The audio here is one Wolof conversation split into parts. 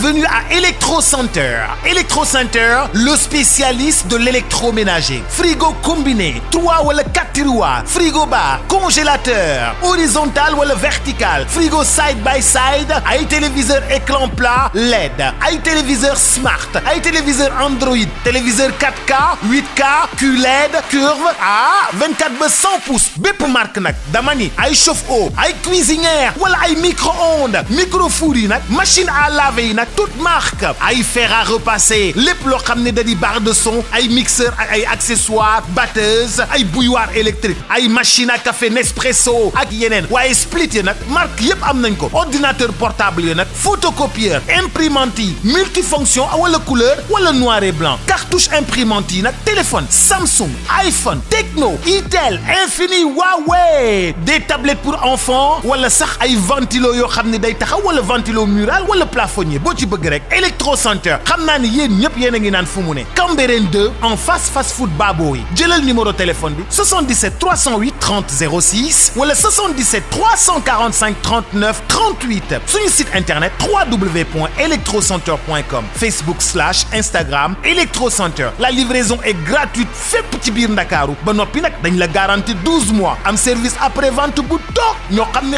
bienvenue à Electro Center. Electro Center, le spécialiste de l'électroménager. Frigo combiné, 3 wala 4 tiroirs, frigo bar, congélateur, horizontal wala vertical, frigo side by side, ay téléviseur écran plat LED, ay téléviseur smart, ay téléviseur Android, téléviseur 4K, 8K, QLED, curve à 24 ba 100 pouces. nag dama ni ay chauffe-eau, ay cuisinière wala ay micro-ondes, micro four yi nag, machine à laver nag toute marque ay fer à repasser lépp loo xam ne da di de son ay mixeur ak ay accessoires batteuse ay bouilloire électrique ay machine à café Nespresso ak yeneen waaye split yi nag marque yépp am nañ ko ordinateur portable yi nag photocopieur imprimante yi multifonction wala couleur wala noir et blanc cartouche imprimante yi nag téléphone Samsung iPhone Tecno Itel Infini Huawei de tablettes pour enfants wala sax ay ventilo yoo xam ne day taxaw wala ventilo mural wala plafonnier ci bëgg rek électro centre xam naa ne yéen ñëpp yéen a ngi naan fu mu ne Cambérène 2 en face fast food baaboo yi jëlal numéro téléphone bi 77 308 30 06 wala 77 345 39 38 suñu site internet www.electrocentre.com Facebook slash Instagram électrocentre la livraison est gratuite fépp ci biir Ndakaaru ba noppi nag dañ la garantie 12 mois am service après vente bu toog ñoo xam ne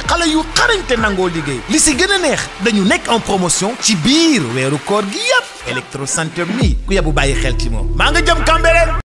xarañ te nangoo liggéey li si gën a neex dañu nekk en promotion ci biir weeru koor gi yëpp électro santé mi ku yebu bàyyi xel ki moom maa nga jëm Cambérène